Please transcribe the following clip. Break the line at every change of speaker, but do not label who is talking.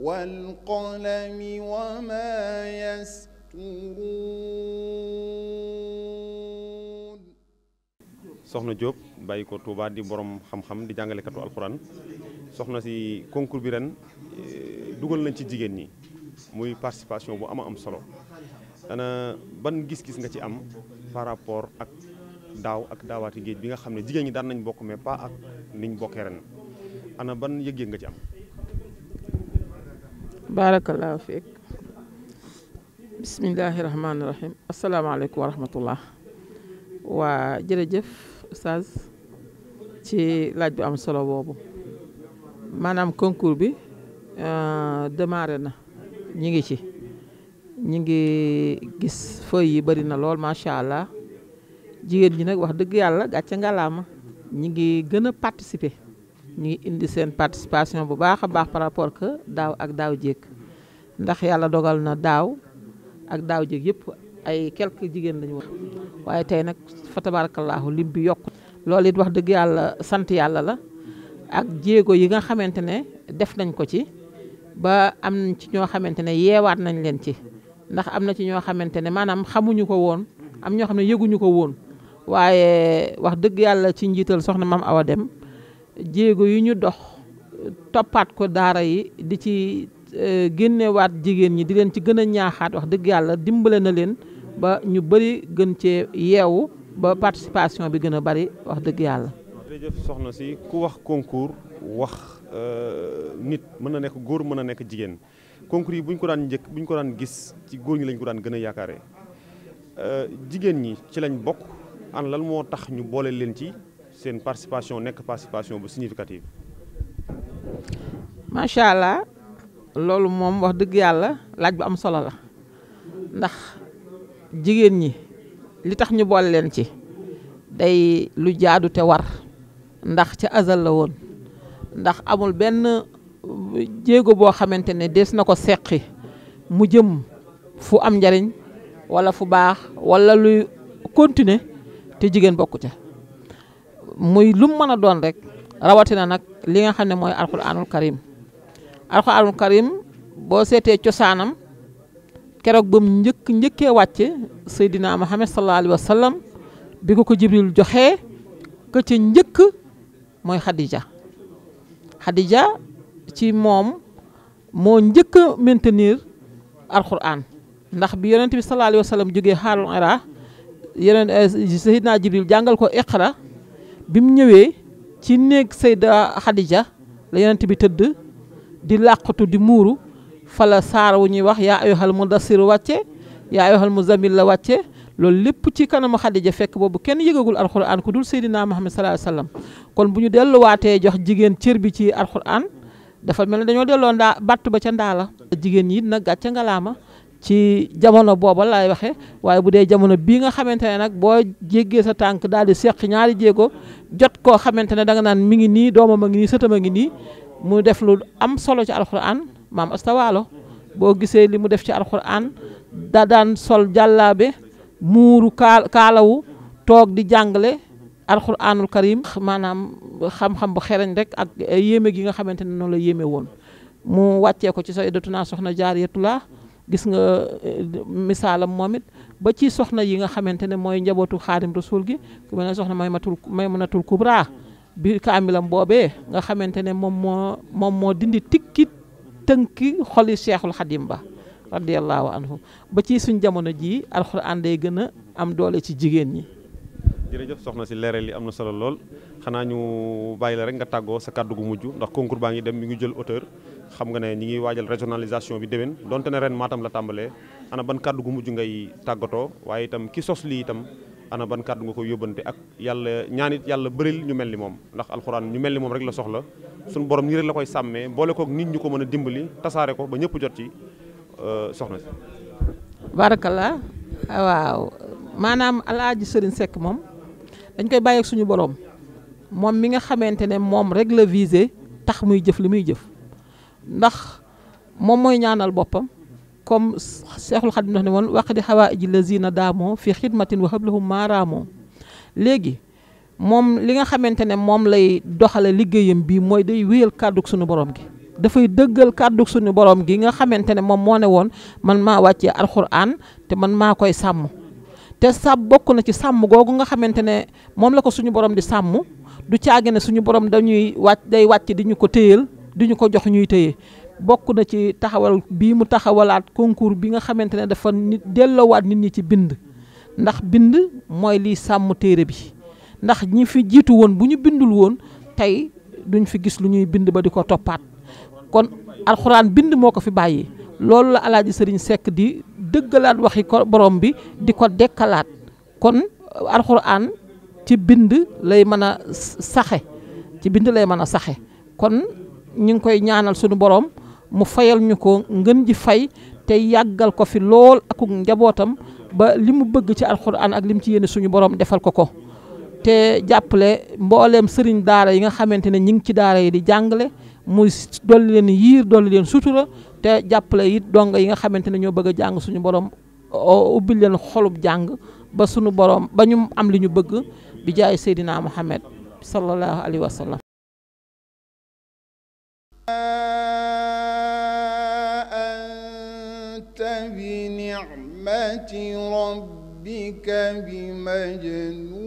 والقلم وما
يسطرون
soxna Diop bàyyi ko Touba di borom xam-xam di jàngalekatu alxuraan soxna si concours bi ren eh, dugal nañ ci jigéen ñi muy participation bu ama am solo ana ban gis-gis nga ci am par rapport ak daaw ak daawaati géej bi nga xam ne jigéen ñi daan nañ bokk mee pas ak niñ bokkee ren ana ban yëg-yëg nga ci am.
baarakallaahu fiik bismillaahi rahmaani rahiim asalaamaaleykum wa rahmatullah waa jërëjëf Oustaz ci laaj bi am solo boobu maanaam concours bi euh, démarré na ñi ngi ci ñi ngi gis feuille yi bëri na lool macha allah jigéen ñi nag wax dëgg yàlla gàcce ngalaama ñi ngi gën a participer ñuy indi seen participation bu baax a baax par rapport que daaw ak daaw jéeg ndax yàlla dogal na daaw ak daaw jéeg yëpp ay quelques jigéen lañu wax waaye tey nag fa tabarakallahu lim bi yokk loolu it wax dëgg yàlla sant yàlla la ak jéego yi nga xamante ne def nañ ko ci ba am nañ ci ñoo xamante ne yeewaat nañ leen ci ndax am na ci ñoo xamante ne maanaam xamuñu ko woon am ñoo xam ne yëguñu ko woon waaye wax dëgg yàlla ci njiital soxna maam Awa Dem jéego yi ñu dox toppaat ko daara yi di ci e, génnewaat jigéen ñi di leen ci gën a ñaaxaat wax dëgg yàlla dimbale na leen ba ñu bëri gën cee yeewu ba participation bi gën a bari wax dëgg yàlla.
jërëjëf soxna si ku wax concours wax e, nit mën na nekk góor mën na nekk jigéen concours yi bu ñu ko daan njëkk bu ñu ko daan gis ci góor ñi lañ ko daan gën a yaakaare e, jigéen ñi ci lañ bokk an lan moo tax ñu boole leen ci. seen participation nekk participation bu significative.
macha allah loolu moom wax dëgg yàlla laaj bu am solo la ndax jigéen ñi li tax ñu boole leen ci day lu jaadu te war ndax ca azal la woon ndax amul benn jéego boo xamante ne des na ko seqi mu jëm fu am njariñ wala fu baax wala luy continuer te jigéen bokkute muy lum mën a doon rekk rawatina nag li nga xam ne mooy alxuraanul karim karim boo seetee cosaanam keroog ba mu njëkk njëkkee wàcce Seydina am sallallahu alayhi wa bi ko ko Jibril joxee ka ca njëkk mooy Khadija Khadija ci moom moo njëkk a maintenir alxuraan ndax bi yonent bi sallallahu alayhi wa sallam jógee xaalul ira yeneen eh, Seydina Jibril jàngal ko iqra bi mu ñëwee ci néeg Sayda Xadija la yonent bi tëdd di làqatu di muuru fala saar wu ñuy wax yaa ayyuhal mudassir wàcce yaa ayyuhal muzammil la wàcce loolu lépp ci kanamu Xadija fekk boobu kenn yëgagul alxuraan ku dul Seydina Muhammad sallallahu alayhi wasallam kon bu ñu delluwaatee jox jigéen cër bi ci alxuraan dafa mel ne dañoo delloo ndaa bàtt ba ca ndaa la jigéen yi nag gàcce ngalaama ci jamono booba laay waxee waaye bu dee jamono bii nga xamante ne nag boo jéggee sa tànk daal di seq ñaari jéego jot koo xamante ne danga naan mi ngi nii doomam a ngi nii sëtam a ngi nii mu def lu am solo ci alxuraan maam astawaalo boo gisee li mu def ci alxuraan da daan sol jàllaabe muuru kaa kaalawu toog di jàngale alxuraanul karim maanaam xam-xam bu xereñ rek ak yéeme gi nga xamante ne noonu la yéeme woon mu wàccee ko ci sayidatuna soxna jaariyatullah gis nga eh, misaalam moom it ba ci soxna yi nga xamante ne mooy njabootu xaadim rasul gi ku mel ne soxna Maymatul Maymunatul Kubra bi kaamilam boobee nga xamante ne moom moo moom moo dindi tikki tënki xoli cheikhul xadim ba radiallahu anhu ba ci suñ jamono jii alxuraan day gën a am doole ci jigéen ñi
jërëjëf soxna si leeral yi am na solo lool xanaa ñu bàyyi la rek nga tàggoo sa kàddu gu mujj ndax concours baa ngi dem mi ngi jël auteur xam nga ne ñi ngi waajal régionalisation bi déwén donte ne ren Matam la tàmbalee ana ban kàddu gu mujj ngay tàggatoo waaye tam ki sos lii itam ana ban kàddu nga ko yóbbante ak yàlla ñaanit yàlla bëril ñu mel ni moom ndax alxuraan ñu mel ni moom rek la soxla suñu borom nii rek la koy sàmmee boole kook nit ñu ko mën a dimbali tasaare ko ba ñëpp jot ci euh, soxna si.
barakala waaw maanaam alaaji moom dañ koy bàyyi suñu borom moom mi nga xamante ne moom rek la visé tax muy jëf li muy jëf ndax moom mooy ñaanal boppam comme Seexul Xadim ndax ne woon waq di xawaa sii na daamoo fi xidmatin wa hablahum maaraamoo léegi moom li nga xamante ne moom lay doxale liggéeyam bi mooy day wéyal kàddug suñu borom gi dafay dëggal kàddug suñu borom gi nga xamante ne moom moo ne woon man maa wàccee alxuraan te man maa koy sàmm te sàmm bokk na ci sàmm googu nga xamante ne moom la ko suñu borom di sàmm du caagi ne suñu borom dañuy wàcc day wàcc di ñu ko téyal duñu ko jox ñuy téye bokk na ci taxawal bii mu taxawalaat concours bi nga xamante ne dafa nit delloowaat nit ñi ci bind ndax bind mooy liy sàmm téere bi ndax ñi fi jiitu woon bu ñu bindul woon tey duñ fi gis lu ñuy bind ba di ko toppaat kon alxuraan bind moo ko fi bàyyi loolu la alaaji sëriñ sekk di dëggalaat waxi ko borom bi di ko dekkalaat kon alxuraan ci bind lay mën a saxe ci bind lay mën a saxe kon ñu ngi koy ñaanal suñu borom mu fayal ñu ko ngën ji fay te yàggal ko fi lool akuk njabootam ba li mu bëgg ci alxuraan ak li mu ci yéene suñu borom defal ko ko te jàppale mboolem sëriñ daara yi nga xamante ne ñi ngi ci daara yi di jàngale muy dolli leen yiir dolli leen sutura te jàppale it dong yi nga xamante ne ñoo bëgg a jàng suñu borom ubbil leen xolub jàng ba suñu borom ba ñu am li ñu bëgg bi jaay Seydina Muhammad sallallahu alayhi
wa